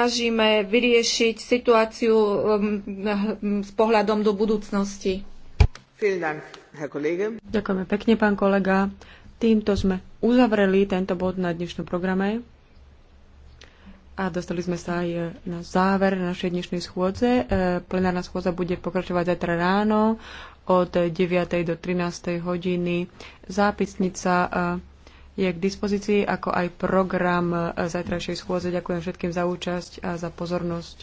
snažíme vyriešiť situáciu um, hm, s pohľadom do budúcnosti. Ďakujeme pekne, pán kolega. Týmto sme uzavreli tento bod na dnešnom programe a dostali sme sa aj na záver našej dnešnej schôdze. E, plenárna schôdza bude pokračovať zajtra ráno od 9. do 13. hodiny. Zápisnica e, je k dispozícii, ako aj program zajtrajšej schôdze. Ďakujem všetkým za účasť a za pozornosť.